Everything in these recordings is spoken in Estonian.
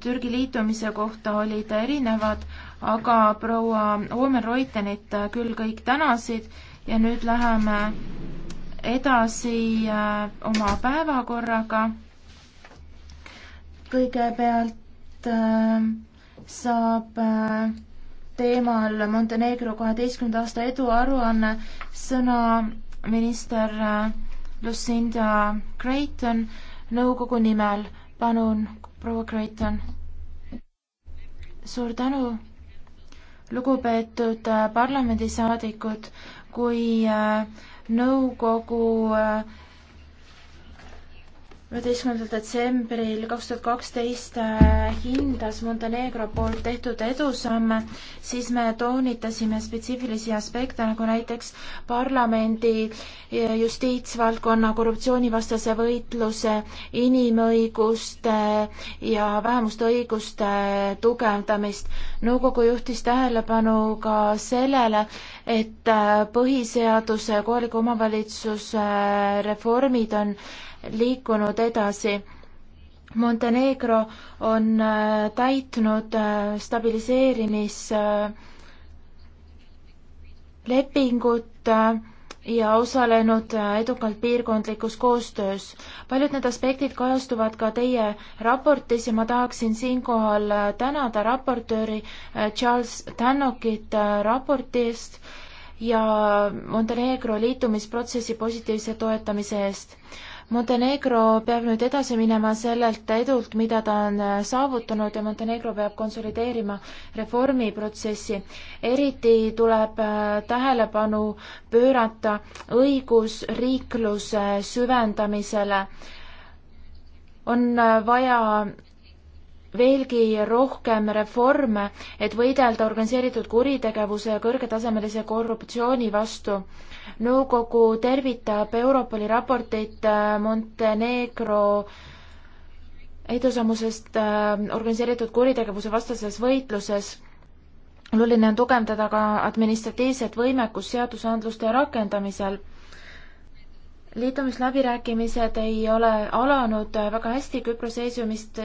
Türgi liitumise kohta olid erinevad, aga proua Oomen-Reutenit küll kõik tänasid ja nüüd läheme edasi äh, oma päevakorraga. kõigepealt äh, saab äh, teemal Montenegro kaheteistkümnenda aasta eduaruanne sõna minister Lucinda Creighton nõukogu nimel palun, proua Kreiton. suur tänu, lugupeetud äh, parlamendisaadikud, kui äh, nõukogu äh, üheteistkümnendal detsembril kaks tuhat kaksteist äh, hindas Montenegro poolt tehtud edusamme, siis me toonitasime spetsiifilisi aspekte, nagu näiteks parlamendi äh, justiitsvaldkonna korruptsioonivastase võitluse, inimõiguste äh, ja vähemuste õiguste tugevdamist. nõukogu juhtis tähelepanu ka sellele, et põhiseaduse ja kohaliku omavalitsuse reformid on liikunud edasi. Montenegro on äh, täitnud äh, stabiliseerimislepingut äh, ja osalenud edukalt piirkondlikus koostöös. paljud need aspektid kajastuvad ka teie raportis ja ma tahaksin siinkohal tänada raportööri Charles Tannokit raporti eest ja Montenegro liitumisprotsessi positiivse toetamise eest. Montenegro peab nüüd edasi minema sellelt edult, mida ta on äh, saavutanud ja Montenegro peab konsolideerima reformiprotsessi. eriti tuleb äh, tähelepanu pöörata õigusriikluse süvendamisele. on äh, vaja veelgi rohkem reforme, et võidelda organiseeritud kuritegevuse ja kõrgetasemelise korruptsiooni vastu nõukogu tervitab Europoli raportit äh, Montenegro edusammusest äh, organiseeritud kuritegevuse vastases võitluses. oluline on tugevdada ka administratiivset võimekust seadusandluste rakendamisel liitumisläbirääkimised ei ole alanud äh, väga hästi Küprose eesistumist,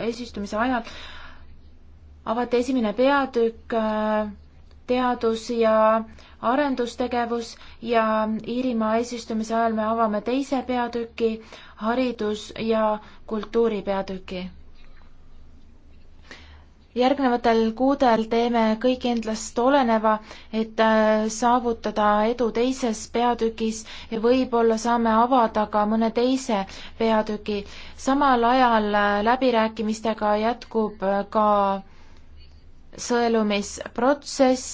eesistumise ajal. avati esimene peatükk teadus ja arendustegevus ja Iirimaa eesistumise ajal me avame teise peatüki, haridus ja kultuuri peatüki. järgnevatel kuudel teeme kõik endast oleneva, et äh, saavutada edu teises peatükis ja võib-olla saame avada ka mõne teise peatüki. samal ajal äh, läbirääkimistega jätkub äh, ka sõelumisprotsess.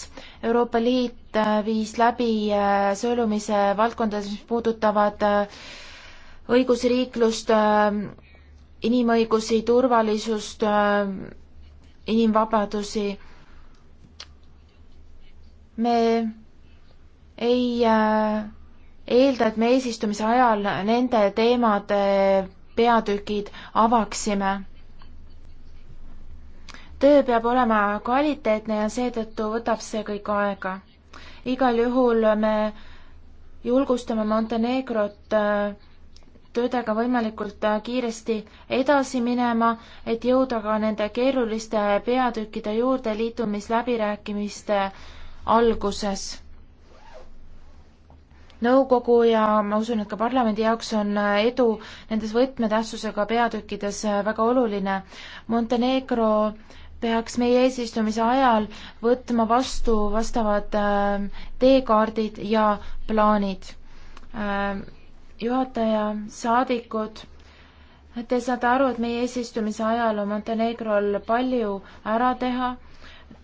Euroopa Liit äh, viis läbi äh, sõelumise valdkondades, mis puudutavad äh, õigusriiklust, inimõigusi, turvalisust, inimvabadusi. me ei eelda, et me eesistumise ajal nende teemade peatükid avaksime töö peab olema kvaliteetne ja seetõttu võtab see kõik aega. igal juhul me julgustame Montenegrot äh, töödega võimalikult äh, kiiresti edasi minema, et jõuda ka nende keeruliste peatükkide juurde liitumisläbirääkimiste alguses. nõukogu ja ma usun, et ka parlamendi jaoks on äh, edu nendes võtmetähtsusega peatükkides väga oluline. Montenegro äh, peaks meie eesistumise ajal võtma vastu vastavad äh, teekaardid ja plaanid. Ähm, juhataja, saadikud, te saate aru, et meie eesistumise ajal on Montenegrol palju ära teha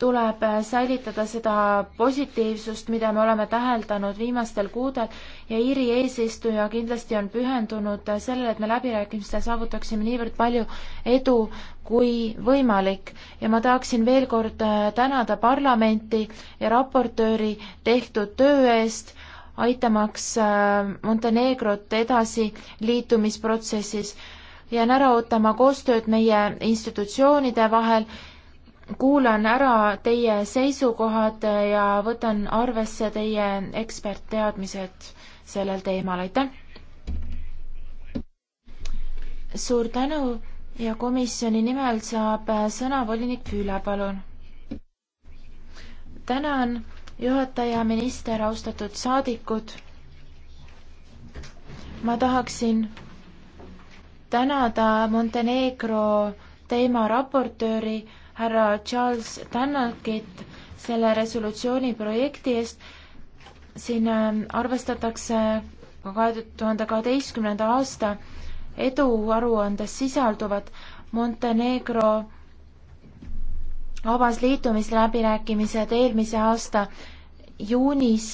tuleb äh, säilitada seda positiivsust, mida me oleme täheldanud viimastel kuudel ja Iiri eesistuja kindlasti on pühendunud äh, sellele, et me läbirääkimistel saavutaksime niivõrd palju edu kui võimalik ja ma tahaksin veel kord äh, tänada parlamenti ja raportööri tehtud töö eest, aitamaks Montenegrot edasi liitumisprotsessis jään ära ootama koostööd meie institutsioonide vahel kuulan ära teie seisukohad ja võtan arvesse teie ekspertteadmised sellel teemal, aitäh! suur tänu ja komisjoni nimel saab sõna volinik Füüle, palun! tänan, juhataja, minister, austatud saadikud! ma tahaksin tänada Montenegro teema raportööri härra Charles Tannakit selle resolutsiooni projekti eest. siin ähm, arvestatakse ka kahe tuhande kaheteistkümnenda aasta eduaruandes sisalduvat Montenegro avas liitumisläbirääkimised eelmise aasta juunis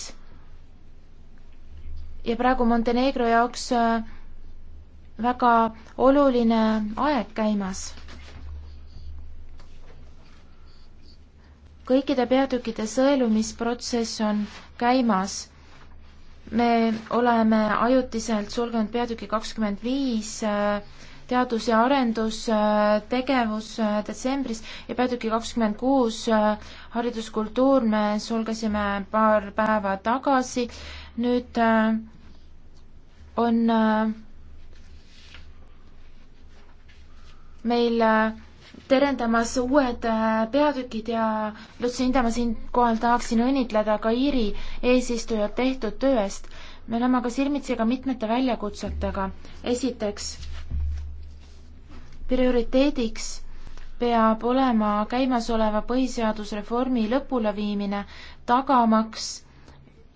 ja praegu Montenegro jaoks äh, väga oluline aeg käimas kõikide peatükkide sõelumisprotsess on käimas. me oleme ajutiselt sulgenud peatüki kakskümmend viis äh, teadus- ja arendustegevus äh, detsembris ja peatüki kakskümmend kuus äh, hariduskultuur me sulgesime paar päeva tagasi. nüüd on meil terendamas uued äh, peatükid ja Lutsinda ma siinkohal tahaksin õnnitleda ka Iiri eesistujad tehtud töö eest. me oleme aga silmitsi ka mitmete väljakutsetega. esiteks, prioriteediks peab olema käimasoleva põhiseadusreformi lõpuleviimine, tagamaks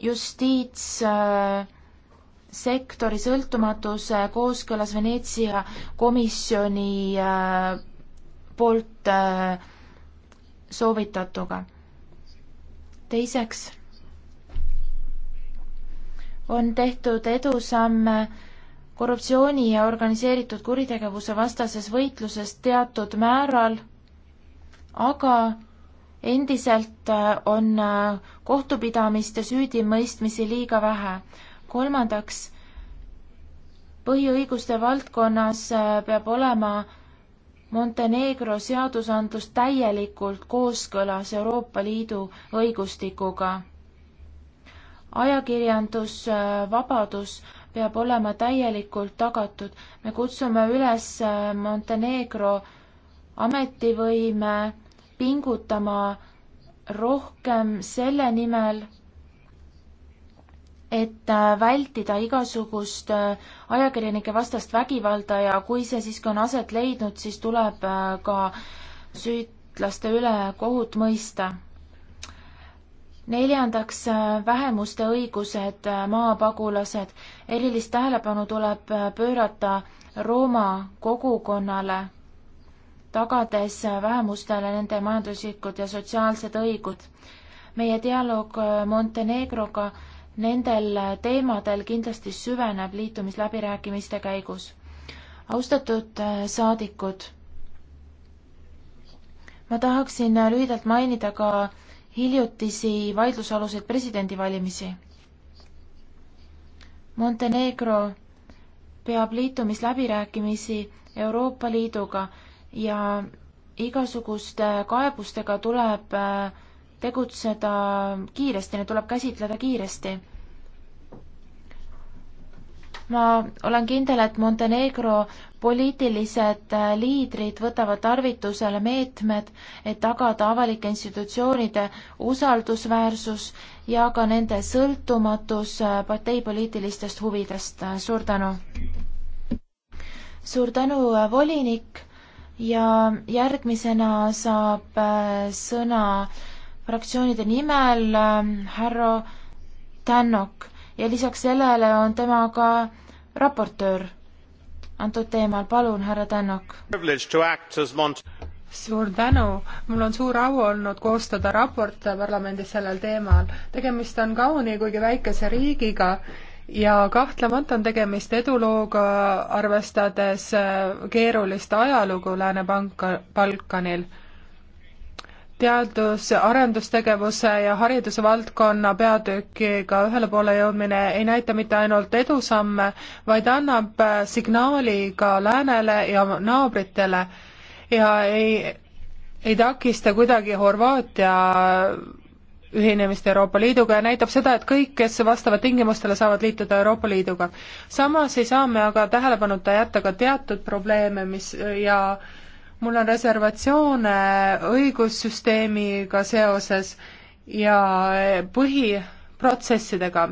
justiitssektori äh, sõltumatuse kooskõlas Veneetsia komisjoni äh, poolt äh, soovitatuga. teiseks on tehtud edusamme korruptsiooni ja organiseeritud kuritegevuse vastases võitluses teatud määral, aga endiselt äh, on äh, kohtupidamist ja süüdimõistmisi liiga vähe. kolmandaks, põhiõiguste valdkonnas peab olema Montenegro seadusandlus täielikult kooskõlas Euroopa Liidu õigustikuga. ajakirjandusvabadus äh, peab olema täielikult tagatud. me kutsume üles äh, Montenegro ametivõime pingutama rohkem selle nimel, et äh, vältida igasugust äh, ajakirjanike vastast vägivalda ja kui see siiski on aset leidnud, siis tuleb äh, ka süütlaste üle kohut mõista. neljandaks, vähemuste õigused, maapagulased. erilist tähelepanu tuleb pöörata Rooma kogukonnale, tagades vähemustele nende majanduslikud ja sotsiaalsed õigud. meie dialoog Montenegroga nendel teemadel kindlasti süveneb liitumisläbirääkimiste käigus. austatud äh, saadikud, ma tahaksin äh, lühidalt mainida ka hiljutisi vaidlusaluseid presidendivalimisi. Montenegro peab liitumisläbirääkimisi Euroopa Liiduga ja igasuguste kaebustega tuleb äh, tegutseda kiiresti, neid tuleb käsitleda kiiresti ma olen kindel, et Montenegro poliitilised äh, liidrid võtavad tarvitusele meetmed, et tagada avalike institutsioonide usaldusväärsus ja ka nende sõltumatus äh, parteipoliitilistest huvidest. Äh, suur tänu! suur tänu, volinik, ja järgmisena saab sõna fraktsioonide nimel härra Tännok ja lisaks sellele on temaga raportöör antud teemal, palun, härra Tänak. suur tänu, mul on suur au olnud koostada raport parlamendis sellel teemal. tegemist on kauni, kuigi väikese riigiga ja kahtlemata on tegemist edulooga, arvestades keerulist ajalugu Lääne-Balkanil teadus- ja arendustegevuse ja hariduse valdkonna peatükiga ühele poole jõudmine ei näita mitte ainult edusamme, vaid annab äh, signaali ka läänele ja naabritele ja ei, ei takista kuidagi Horvaatia ühinemist Euroopa Liiduga ja näitab seda, et kõik, kes vastavad tingimustele, saavad liituda Euroopa Liiduga. samas ei saa me aga tähelepanuta jätta ka teatud probleeme, mis ja äh, mul on reservatsioone õigussüsteemiga seoses ja põhiprotsessidega.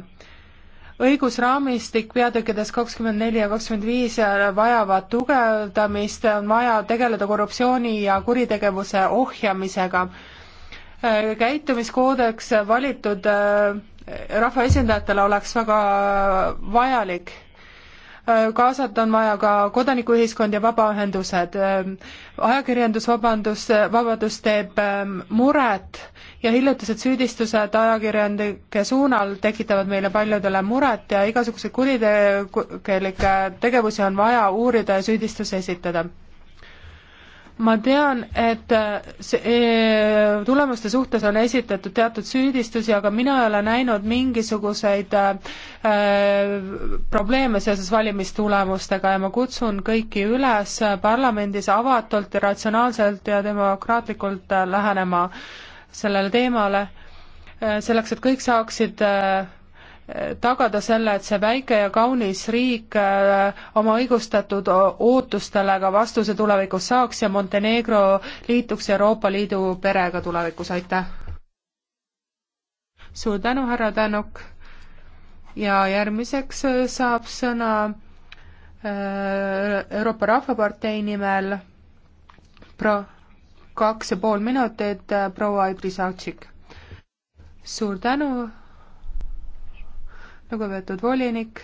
õigusraamistik peatükkides kakskümmend neli ja kakskümmend viis vajavad tugevdamist, on vaja tegeleda korruptsiooni ja kuritegevuse ohjamisega. käitumiskoodeks valitud äh, rahvaesindajatele oleks väga vajalik kaasata on vaja ka kodanikuühiskond ja vabaühendused. ajakirjandusvabandus, vabadus teeb ähm, muret ja hiljutised süüdistused ajakirjanike suunal tekitavad meile paljudele muret ja igasuguseid kuritegelikke tegevusi on vaja uurida ja süüdistusi esitada ma tean, et äh, see äh, tulemuste suhtes on esitatud teatud süüdistusi, aga mina ei ole näinud mingisuguseid äh, äh probleeme seoses valimistulemustega ja ma kutsun kõiki üles parlamendis avatult ja ratsionaalselt ja demokraatlikult lähenema sellele teemale, selleks et kõik saaksid äh, tagada selle, et see väike ja kaunis riik äh, oma õigustatud ootustele ka vastuse tulevikus saaks ja Montenegro liituks Euroopa Liidu perega tulevikus, aitäh! suur tänu, härra Tänuk! ja järgmiseks äh, saab sõna äh, Euroopa Rahvapartei nimel pro-, kaks ja pool minutit, proua Ibrisatšik. suur tänu, lugupeetud volinik.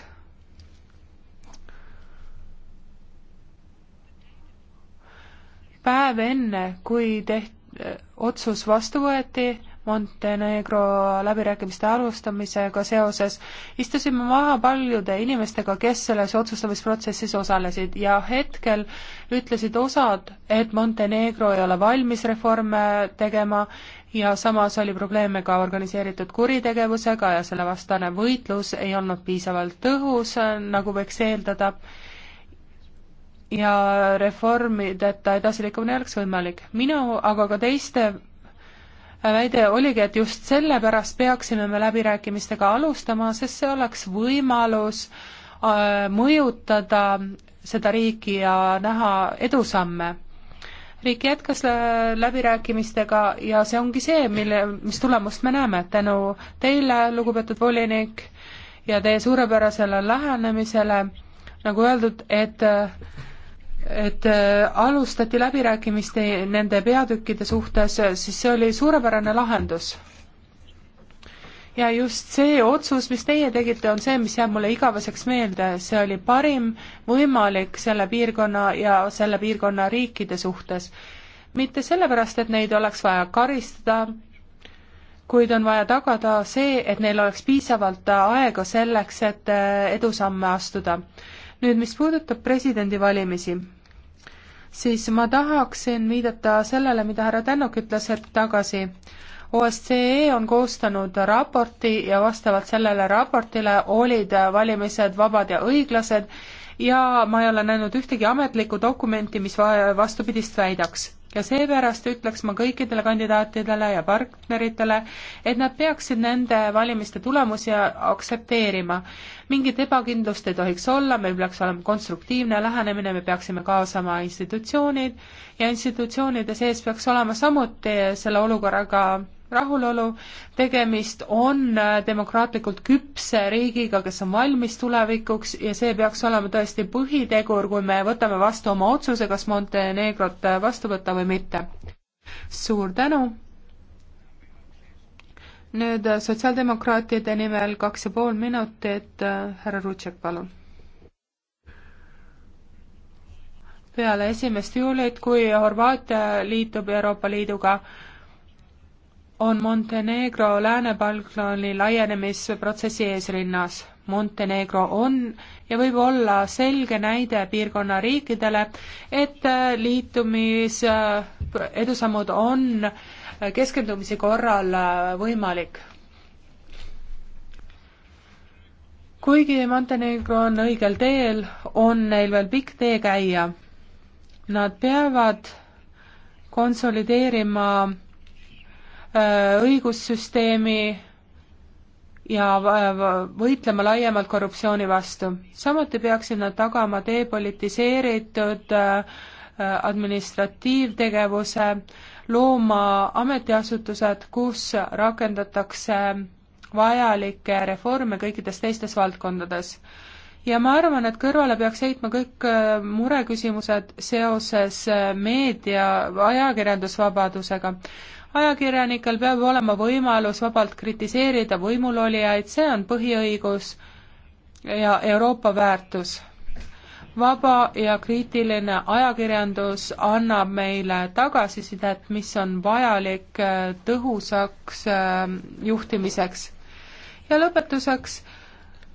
päev enne, kui teht-, otsus vastu võeti Montenegro läbirääkimiste alustamisega seoses, istusime maha paljude inimestega, kes selles otsustamisprotsessis osalesid ja hetkel ütlesid osad, et Montenegro ei ole valmis reforme tegema ja samas oli probleeme ka organiseeritud kuritegevusega ja selle vastane võitlus ei olnud piisavalt tõhus, nagu võiks eeldada, ja reformideta edasiliikumine oleks võimalik. minu, aga ka teiste väide oligi, et just sellepärast peaksime me läbirääkimistega alustama, sest see oleks võimalus äh, mõjutada seda riiki ja näha edusamme riik jätkas äh, läbirääkimistega ja see ongi see, mille, mis tulemust me näeme, tänu teile, lugupeetud volinik, ja teie suurepärasele lähenemisele, nagu öeldud, et et äh, alustati läbirääkimiste nende peatükkide suhtes, siis see oli suurepärane lahendus ja just see otsus, mis teie tegite, on see, mis jääb mulle igaveseks meelde, see oli parim võimalik selle piirkonna ja selle piirkonna riikide suhtes. mitte sellepärast, et neid oleks vaja karistada, kuid on vaja tagada see, et neil oleks piisavalt aega selleks, et äh, edusamme astuda. nüüd, mis puudutab presidendivalimisi, siis ma tahaksin viidata sellele, mida härra Tännok ütles hetk tagasi OSCE on koostanud raporti ja vastavalt sellele raportile olid valimised vabad ja õiglased ja ma ei ole näinud ühtegi ametlikku dokumenti, mis vastupidist väidaks. ja seepärast ütleks ma kõikidele kandidaatidele ja partneritele, et nad peaksid nende valimiste tulemusi aktsepteerima. mingit ebakindlust ei tohiks olla, meil peaks olema konstruktiivne lähenemine, me peaksime kaasama institutsioonid ja institutsioonide sees peaks olema samuti selle olukorraga rahulolu, tegemist on äh, demokraatlikult küpse riigiga, kes on valmis tulevikuks ja see peaks olema tõesti põhitegur, kui me võtame vastu oma otsuse, kas Montenegrot äh, vastu võtta või mitte. suur tänu! nüüd äh, sotsiaaldemokraatide nimel kaks ja pool minutit, härra Rutšek, palun. peale esimest juulit, kui Horvaatia liitub Euroopa Liiduga, on Montenegro Lääne-Balkani laienemisprotsessi eesrinnas. Montenegro on ja võib olla selge näide piirkonna riikidele, et äh, liitumis äh, edusammud on keskendumise korral äh, võimalik. kuigi Montenegro on õigel teel, on neil veel pikk tee käia. Nad peavad konsolideerima Äh, õigussüsteemi ja võitlema laiemalt korruptsiooni vastu. samuti peaksid nad tagama depolitiseeritud äh, administratiivtegevuse, looma ametiasutused, kus rakendatakse vajalikke reforme kõikides teistes valdkondades. ja ma arvan, et kõrvale peaks heitma kõik äh, mureküsimused seoses meedia, ajakirjandusvabadusega ajakirjanikel peab olema võimalus vabalt kritiseerida võimulolijaid, see on põhiõigus ja Euroopa väärtus. vaba ja kriitiline ajakirjandus annab meile tagasisidet, mis on vajalik äh, tõhusaks äh, juhtimiseks. ja lõpetuseks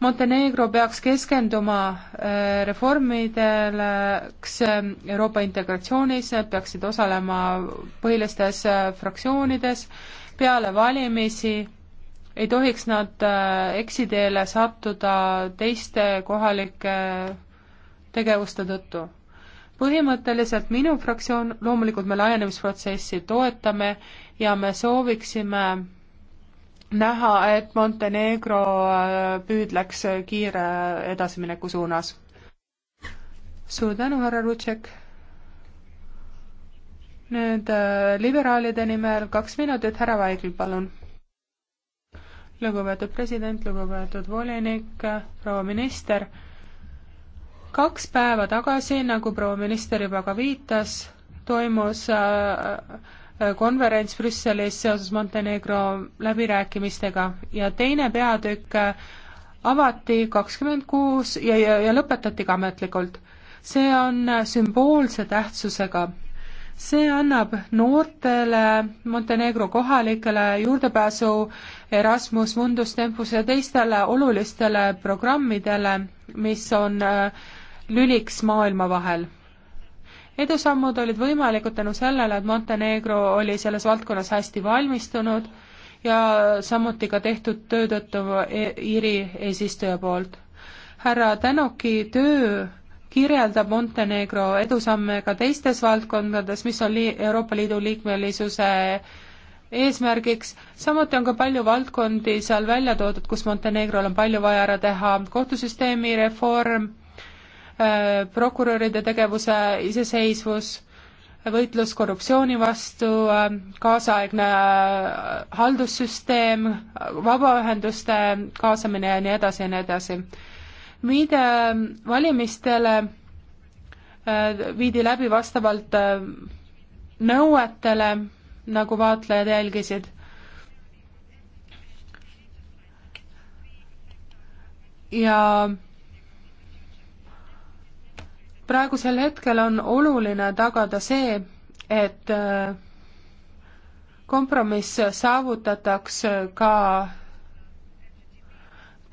Montenegro peaks keskenduma äh, reformideks äh, Euroopa integratsioonis, nad peaksid osalema põhilistes äh, fraktsioonides, peale valimisi ei tohiks nad eksiteele sattuda teiste kohalike tegevuste tõttu. põhimõtteliselt minu fraktsioon, loomulikult me laienemisprotsessi toetame ja me sooviksime näha, et Montenegro äh, püüdleks kiire edasimineku suunas. suur tänu, härra Rutšek. nüüd äh, liberaalide nimel kaks minutit, härra Vaigel, palun. lugupeetud president, lugupeetud volinik, äh, proua minister, kaks päeva tagasi, nagu proua minister juba ka viitas, toimus äh, konverents Brüsselis seoses Montenegro läbirääkimistega ja teine peatükk avati kakskümmend kuus ja, ja, ja lõpetati ka ametlikult. see on sümboolse tähtsusega. see annab noortele Montenegro kohalikele juurdepääsu Erasmus Mundus Tempus ja teistele olulistele programmidele, mis on äh, lüliks maailma vahel edusammud olid võimalikud tänu sellele, et Montenegro oli selles valdkonnas hästi valmistunud ja samuti ka tehtud töö tõttu e-, Iiri eesistuja poolt. härra Tänoki töö kirjeldab Montenegro edusamme ka teistes valdkondades, mis on li-, Euroopa Liidu liikmelisuse eesmärgiks, samuti on ka palju valdkondi seal välja toodud, kus Montenegrol on palju vaja ära teha, kohtusüsteemi reform Äh, prokuröride tegevuse iseseisvus, võitlus korruptsiooni vastu, äh, kaasaegne äh, haldussüsteem, vabaühenduste kaasamine ja nii edasi ja nii edasi. viide valimistele viidi läbi vastavalt nõuetele, nagu vaatlejad jälgisid ja praegusel hetkel on oluline tagada see, et äh, kompromiss saavutataks ka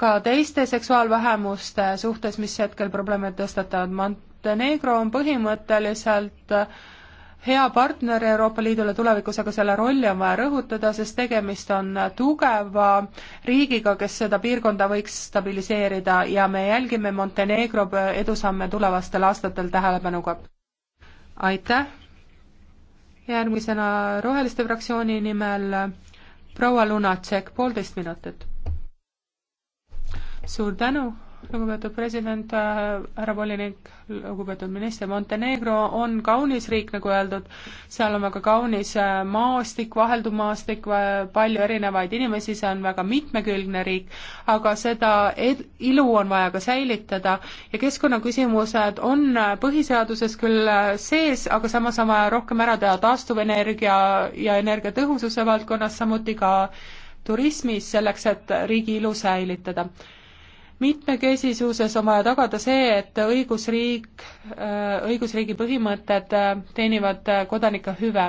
ka teiste seksuaalvähemuste suhtes, mis hetkel probleeme tõstatavad. Montenegro on põhimõtteliselt äh, hea partner Euroopa Liidule tulevikus, aga selle rolli on vaja rõhutada, sest tegemist on tugeva riigiga, kes seda piirkonda võiks stabiliseerida ja me jälgime Montenegro edusamme tulevastel aastatel tähelepanuga. aitäh! järgmisena Roheliste fraktsiooni nimel proua Lunatšek, poolteist minutit. suur tänu! lugupeetud president, äh, härra volinik, lugupeetud minister, Montenegro on kaunis riik, nagu öeldud, seal on väga kaunis äh, maastik, vahelduv maastik, äh, palju erinevaid inimesi, see on väga mitmekülgne riik, aga seda ed-, ilu on vaja ka säilitada ja keskkonnaküsimused on põhiseaduses küll sees, aga samas on vaja rohkem ära teha taastuvenergia ja energiatõhususe valdkonnas, samuti ka turismis, selleks et riigi ilu säilitada mitmekesisuses on vaja tagada see, et õigusriik, äh, õigusriigi põhimõtted äh, teenivad äh, kodanike hüve.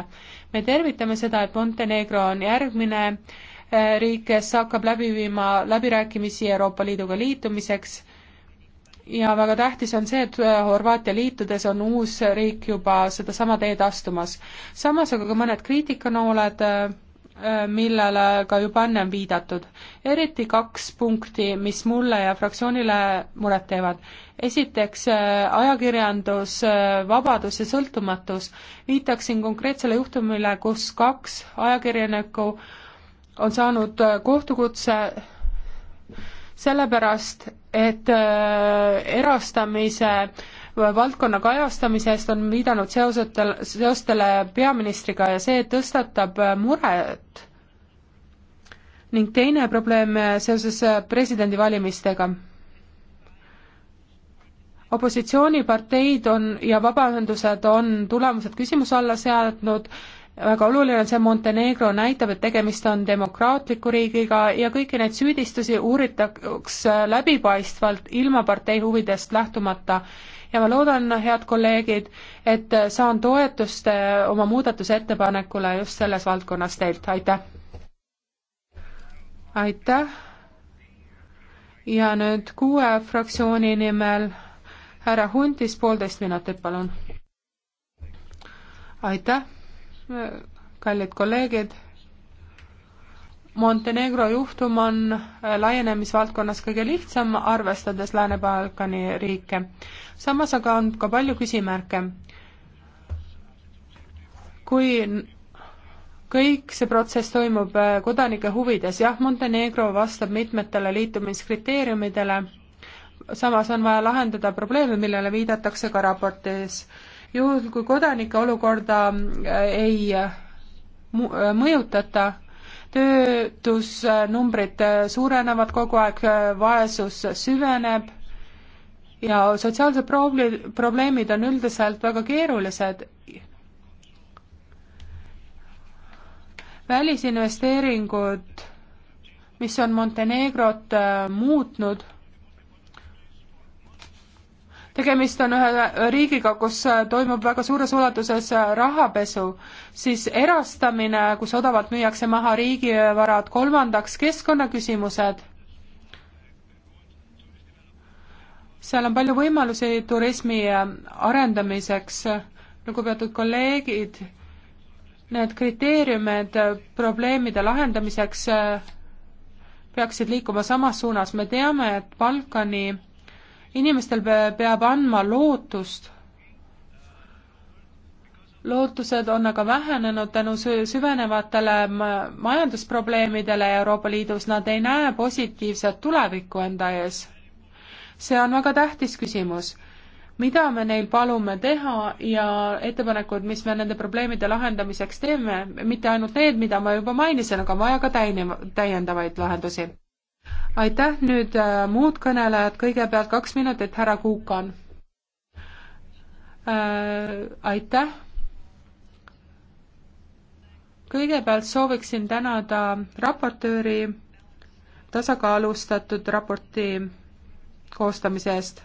me tervitame seda, et Montenegro on järgmine riik, kes hakkab läbi viima läbirääkimisi Euroopa Liiduga liitumiseks ja väga tähtis on see, et Horvaatia liitudes on uus riik juba sedasama teed astumas. samas aga ka mõned kriitikanooled Äh, millele ka juba ennem viidatud. eriti kaks punkti, mis mulle ja fraktsioonile muret teevad. esiteks äh, ajakirjandus, äh, vabadus ja sõltumatus. viitaksin konkreetsele juhtumile, kus kaks ajakirjanikku on saanud kohtukutse sellepärast, et erastamise äh, valdkonna kajastamise eest, on viidanud seosetel, seostele peaministriga ja see tõstatab muret. ning teine probleem seoses presidendivalimistega. opositsiooniparteid on ja vabaühendused on tulemused küsimuse alla seadnud, väga oluline on see, Montenegro näitab, et tegemist on demokraatliku riigiga ja kõiki neid süüdistusi uuritakse läbipaistvalt, ilma partei huvidest lähtumata ja ma loodan, head kolleegid, et saan toetust eh, oma muudatusettepanekule just selles valdkonnas teilt, aitäh! aitäh! ja nüüd kuue fraktsiooni nimel härra Huntis, poolteist minutit, palun! aitäh, kallid kolleegid! Montenegro juhtum on äh, laienemisvaldkonnas kõige lihtsam, arvestades Lääne-Balkani riike. samas aga on ka palju küsimärke. kui kõik see protsess toimub äh, kodanike huvides, jah, Montenegro vastab mitmetele liitumiskriteeriumidele, samas on vaja lahendada probleeme, millele viidatakse ka raportis. juhul, kui kodanike olukorda äh, ei mõjutata, töötusnumbrid suurenevad kogu aeg, vaesus süveneb ja sotsiaalsed proobli-, probleemid on üldiselt väga keerulised. välisinvesteeringud, mis on Montenegrot äh, muutnud tegemist on ühe riigiga, kus toimub väga suures ulatuses rahapesu, siis erastamine, kus odavalt müüakse maha riigivarad, kolmandaks keskkonnaküsimused, seal on palju võimalusi turismi arendamiseks, lugupeetud kolleegid, need kriteeriumid probleemide lahendamiseks peaksid liikuma samas suunas, me teame, et Balkani inimestel peab andma lootust. lootused on aga vähenenud tänu süvenevatele majandusprobleemidele Euroopa Liidus, nad ei näe positiivset tulevikku enda ees. see on väga tähtis küsimus mida me neil palume teha ja ettepanekud, mis me nende probleemide lahendamiseks teeme, mitte ainult need, mida ma juba mainisin, aga on vaja ka täine, täiendavaid lahendusi aitäh, nüüd äh, muud kõnelejad, kõigepealt kaks minutit, härra Kuukan. Äh, aitäh. kõigepealt sooviksin tänada raportööri tasakaalustatud raporti koostamise eest.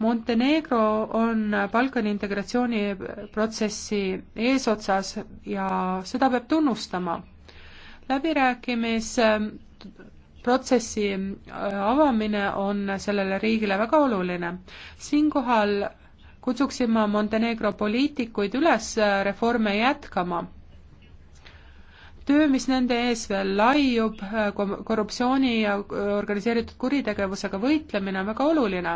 Montenegro on Balkani integratsiooniprotsessi eesotsas ja seda peab tunnustama. läbirääkimis protsessi äh, avamine on sellele riigile väga oluline. siinkohal kutsuksin ma Montenegro poliitikuid üles äh, reforme jätkama. töö, mis nende ees veel laiub, äh, korruptsiooni ja organiseeritud kuritegevusega võitlemine on väga oluline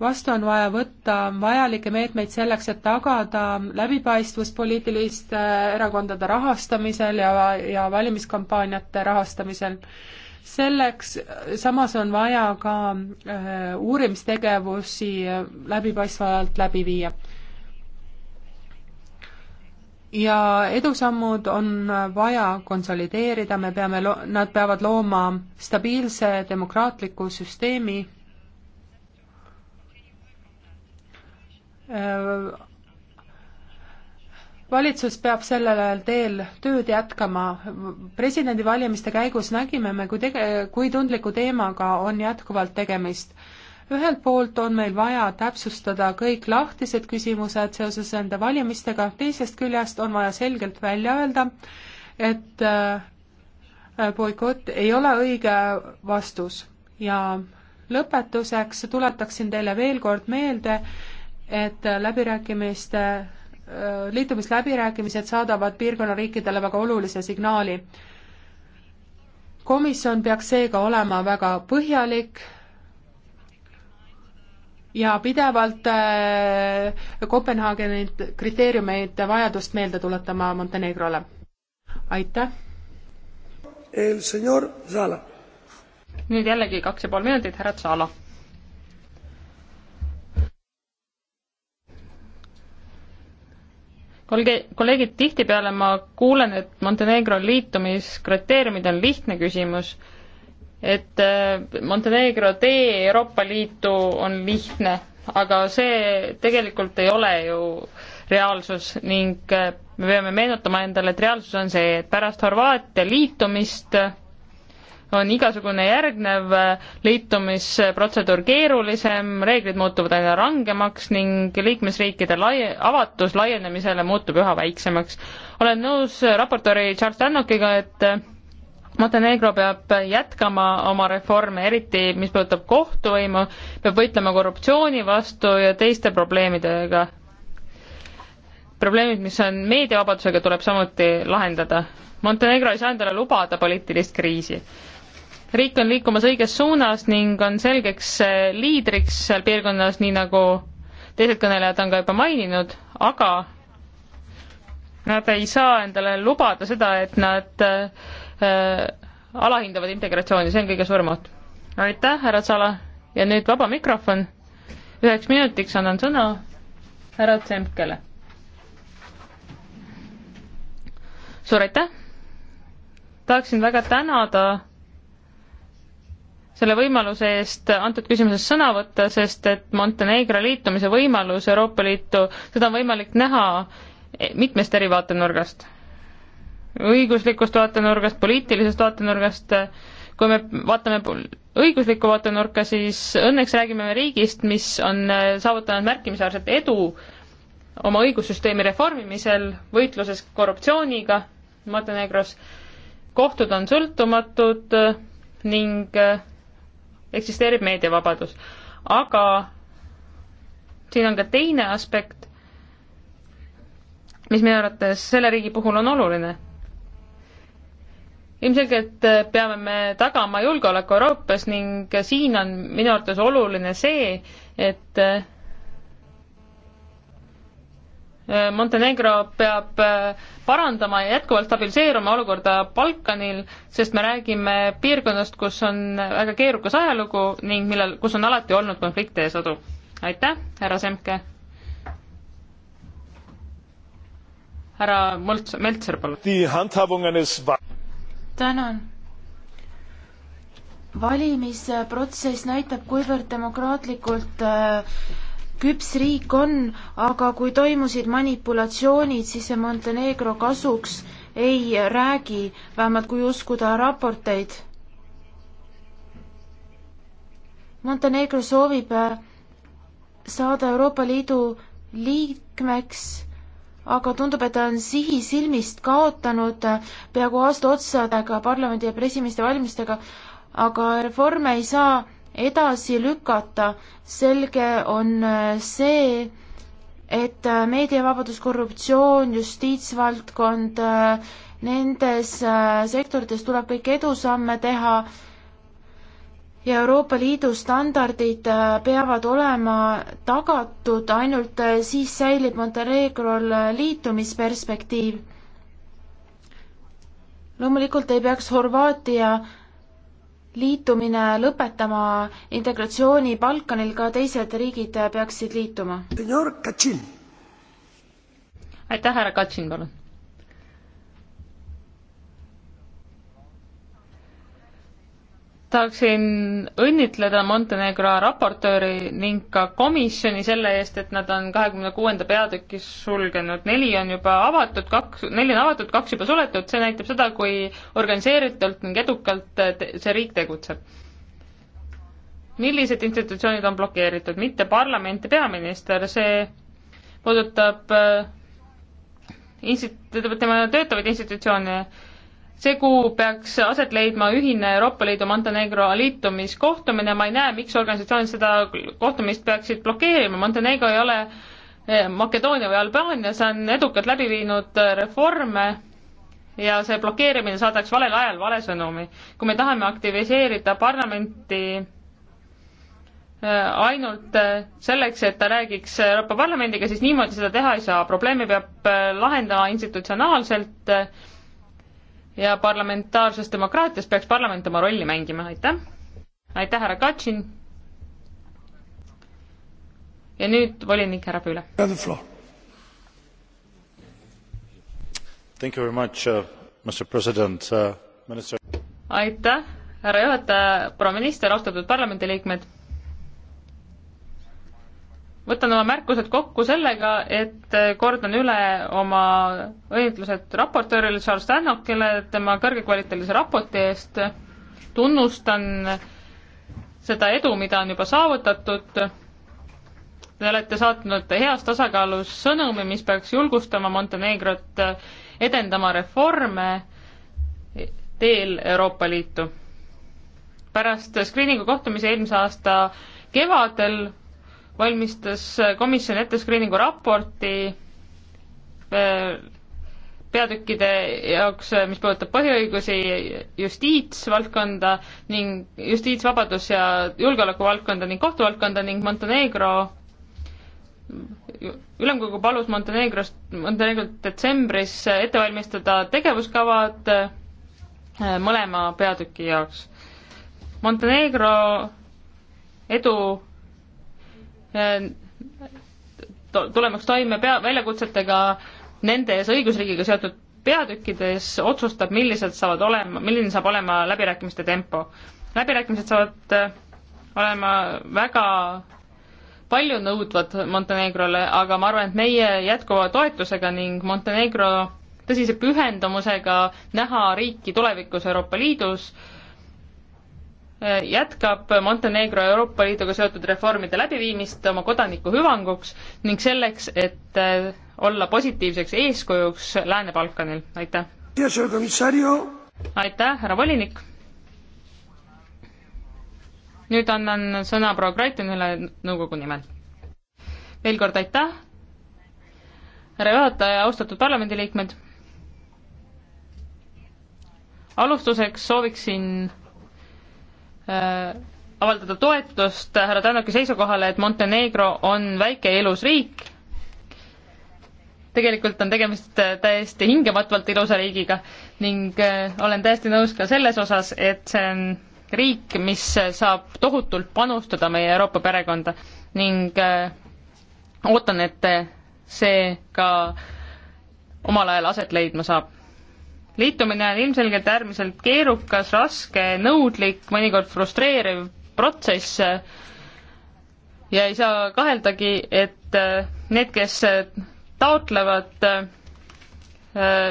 vastu on vaja võtta vajalikke meetmeid selleks, et tagada läbipaistvus poliitiliste erakondade rahastamisel ja, ja valimiskampaaniate rahastamisel. selleks, samas on vaja ka äh, uurimistegevusi läbipaistvalt läbi viia. ja edusammud on vaja konsolideerida, me peame lo-, nad peavad looma stabiilse demokraatliku süsteemi, Äh, valitsus peab sellel teel tööd jätkama. presidendivalimiste käigus nägime me, kui tege-, kui tundliku teemaga on jätkuvalt tegemist. ühelt poolt on meil vaja täpsustada kõik lahtised küsimused seoses nende valimistega, teisest küljest on vaja selgelt välja öelda, et äh, boikott ei ole õige vastus ja lõpetuseks tuletaksin teile veel kord meelde, et läbirääkimiste, liitumisläbirääkimised saadavad piirkonna riikidele väga olulise signaali. komisjon peaks seega olema väga põhjalik ja pidevalt äh, Kopenhaageni kriteeriumeid vajadust meelde tuletama Montenegrole. aitäh! nüüd jällegi kaks ja pool minutit, härra Tsala kolge-, kolleegid, tihtipeale ma kuulen, et Montenegro liitumiskriteeriumid on lihtne küsimus, et äh, Montenegro tee Euroopa Liitu on lihtne, aga see tegelikult ei ole ju reaalsus ning äh, me peame meenutama endale, et reaalsus on see, et pärast Horvaatia liitumist on igasugune järgnev äh, liitumisprotseduur keerulisem, reeglid muutuvad aina rangemaks ning liikmesriikide lai-, avatus laienemisele muutub üha väiksemaks. olen nõus raportööri Charles Tannokiga, et äh, Montenegro peab jätkama oma reforme, eriti mis puudutab kohtuvõimu, peab võitlema korruptsiooni vastu ja teiste probleemidega. probleemid, mis on meediavabadusega, tuleb samuti lahendada. Montenegro ei saa endale lubada poliitilist kriisi riik on liikumas õiges suunas ning on selgeks eh, liidriks seal piirkonnas, nii nagu teised kõnelejad on ka juba maininud, aga nad ei saa endale lubada seda, et nad äh, alahindavad integratsiooni, see on kõige suurem oht. aitäh, härra Tsala ja nüüd vaba mikrofon. üheks minutiks annan sõna härra Tsemkele. suur aitäh! tahaksin väga tänada selle võimaluse eest antud küsimuses sõna võtta, sest et Montenegro liitumise võimalus Euroopa Liitu, seda on võimalik näha mitmest eri vaatenurgast. õiguslikust vaatenurgast, poliitilisest vaatenurgast, kui me vaatame õiguslikku vaatenurka, siis õnneks räägime me riigist, mis on saavutanud märkimisväärset edu oma õigussüsteemi reformimisel, võitluses korruptsiooniga Montenegros, kohtud on sõltumatud ning eksisteerib meediavabadus. aga siin on ka teine aspekt, mis minu arvates selle riigi puhul on oluline. ilmselgelt peame me tagama julgeoleku Euroopas ning siin on minu arvates oluline see, et Äh, Montenegro peab äh, parandama ja jätkuvalt stabiliseeruma olukorda Balkanil, sest me räägime piirkonnast, kus on väga keerukas ajalugu ning millel, kus on alati olnud konflikte ja sõdu. aitäh, härra Semke! härra Molts-, Meltser, palun! tänan! valimisprotsess näitab, kuivõrd demokraatlikult äh, küps riik on, aga kui toimusid manipulatsioonid, siis see Montenegro kasuks ei räägi, vähemalt kui uskuda raporteid. Montenegro soovib äh, saada Euroopa Liidu liikmeks, aga tundub, et ta on sihi silmist kaotanud peaaegu aasta otsadega parlamendi ja presimeeste valimistega, aga reforme ei saa edasi lükata. selge on äh, see, et äh, meediavabadus, korruptsioon, justiitsvaldkond, äh, nendes sektorites tuleb kõik edusamme teha ja Euroopa Liidu standardid peavad olema tagatud, ainult siis säilib Montenegrol liitumisperspektiiv. loomulikult ei peaks Horvaatia liitumine lõpetama integratsiooni Balkanil, ka teised riigid peaksid liituma. aitäh, härra Katšin, palun! tahaksin õnnitleda Montenegro raportööri ning ka komisjoni selle eest, et nad on kahekümne kuuenda peatüki sulgenud, neli on juba avatud, kaks, neli on avatud, kaks juba suletud, see näitab seda, kui organiseeritult ning edukalt äh, see riik tegutseb. millised institutsioonid on blokeeritud, mitte parlament ja peaminister, see puudutab äh, insti-, tema töötavaid institutsioone, see kuu peaks aset leidma ühine Euroopa Liidu Montenegro liitumiskohtumine, ma ei näe, miks organisatsioonid seda kohtumist peaksid blokeerima, Montenegro ei ole eh, Makedoonia või Albaania, see on edukalt läbi viinud eh, reforme ja see blokeerimine saadaks valel ajal vale sõnumi. kui me tahame aktiviseerida parlamenti eh, ainult selleks, et ta räägiks Euroopa Parlamendiga, siis niimoodi seda teha ei saa, probleemi peab lahendama institutsionaalselt ja parlamentaarses demokraatias peaks parlament oma rolli mängima, aitäh! aitäh, härra Katšin! ja nüüd volinik härra Füüle. Uh, uh, aitäh, härra juhataja, proua minister, austatud parlamendiliikmed võtan oma märkused kokku sellega, et äh, kordan üle oma õiglused raportööril Charles Tannokile tema kõrgekvaliteedilise raporti eest, tunnustan seda edu, mida on juba saavutatud, Te olete saatnud heas tasakaalus sõnumi, mis peaks julgustama Montenegrot edendama reforme teel Euroopa Liitu. pärast screening'u kohtumise eelmise aasta kevadel valmistas komisjon ette screening'u raporti äh, peatükkide jaoks, äh, mis puudutab põhiõigusi, justiitsvaldkonda ning justiitsvabadus ja julgeolekuvaldkonda ning kohtuvaldkonda ning Montenegro ülemkogu palus Montenegrost, Montenegrolt detsembris ette valmistada tegevuskavad äh, mõlema peatüki jaoks. Montenegro edu Äh, tulemaks toime pea, väljakutsetega nendes õigusriigiga seotud peatükkides, otsustab, millised saavad olema, milline saab olema läbirääkimiste tempo. läbirääkimised saavad äh, olema väga palju nõudvad Montenegrole, aga ma arvan, et meie jätkuva toetusega ning Montenegro tõsise pühendumusega näha riiki tulevikus Euroopa Liidus äh, jätkab Montenegro Euroopa Liiduga seotud reformide läbiviimist oma kodaniku hüvanguks ning selleks, et äh, olla positiivseks eeskujuks Lääne-Balkanil, aitäh! aitäh, härra volinik! nüüd annan sõna proua Kraitinile nõukogu nimel. veel kord aitäh, härra juhataja, austatud parlamendiliikmed! alustuseks sooviksin Äh, avaldada toetust härra Tannoki seisukohale, et Montenegro on väike ja ilus riik. tegelikult on tegemist äh, täiesti hingematvalt ilusa riigiga ning äh, olen täiesti nõus ka selles osas, et see on riik, mis saab tohutult panustada meie Euroopa perekonda ning ootan, et see ka omal ajal aset leidma saab liitumine on ilmselgelt äärmiselt keerukas, raske, nõudlik, mõnikord frustreeriv protsess ja ei saa kaheldagi, et äh, need, kes äh, taotlevad äh,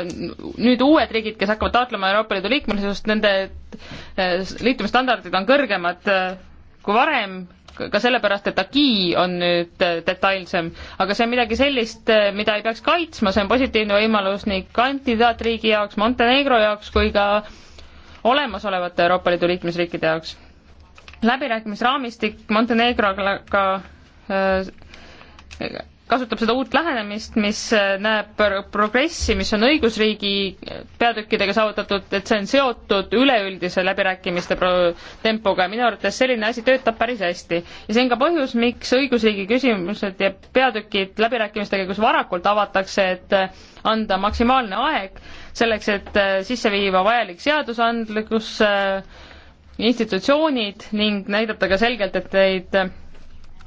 nüüd uued riigid, kes hakkavad taotlema Euroopa Liidu liikmelisust, nende liitumisstandardid on kõrgemad kui varem ka sellepärast, et AKI on nüüd äh, detailsem, aga see on midagi sellist, äh, mida ei peaks kaitsma, see on positiivne võimalus nii kandidaatriigi jaoks, Montenegro jaoks kui ka olemasolevate Euroopa Liidu liikmesriikide jaoks. läbirääkimisraamistik Montenegroga äh, kasutab seda uut lähenemist, mis äh, näeb progressi, mis on õigusriigi peatükkidega saavutatud, et see on seotud üleüldise läbirääkimiste pro-, tempoga ja minu arvates selline asi töötab päris hästi. ja see on ka põhjus, miks õigusriigi küsimused ja peatükid läbirääkimiste käigus varakult avatakse, et äh, anda maksimaalne aeg selleks, et äh, sisse viia vajalik seadusandlikkus, institutsioonid ning näidata ka selgelt, et neid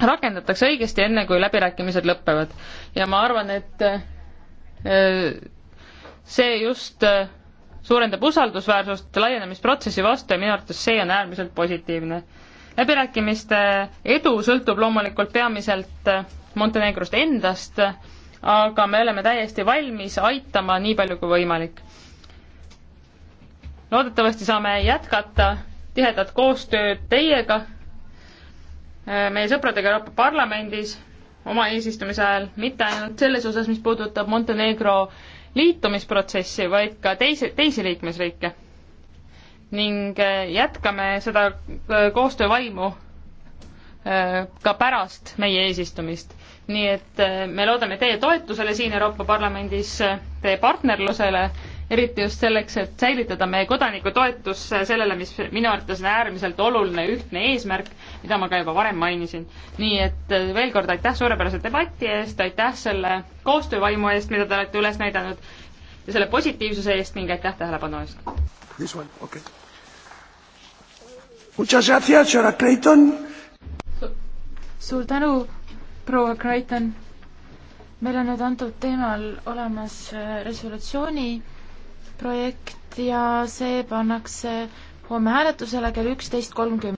rakendatakse õigesti, enne kui läbirääkimised lõpevad. ja ma arvan, et äh, see just äh, suurendab usaldusväärsust laienemisprotsessi vastu ja minu arvates see on äärmiselt positiivne. läbirääkimiste edu sõltub loomulikult peamiselt äh, Montenegrost endast, aga me oleme täiesti valmis aitama nii palju kui võimalik. loodetavasti saame jätkata tihedat koostööd teiega Äh, meie sõpradega Euroopa Parlamendis oma eesistumise ajal, mitte ainult selles osas, mis puudutab Montenegro liitumisprotsessi, vaid ka teise, teisi liikmesriike. ning äh, jätkame seda äh, koostöövaimu ka pärast meie eesistumist. nii et me loodame teie toetusele siin Euroopa Parlamendis, teie partnerlusele eriti just selleks, et säilitada meie kodaniku toetus sellele, mis minu arvates on äärmiselt oluline ühtne eesmärk, mida ma ka juba varem mainisin. nii et eh, veel kord aitäh suurepärase debati eest, aitäh selle koostöövaimu eest, mida te olete üles näidanud ja selle positiivsuse eest ning aitäh tähelepanu eest. Okay. suur tänu, proua Creighton meil on nüüd antud teemal olemas eh, resolutsiooni projekt ja see pannakse homme hääletusele kell üksteist kolmkümmend.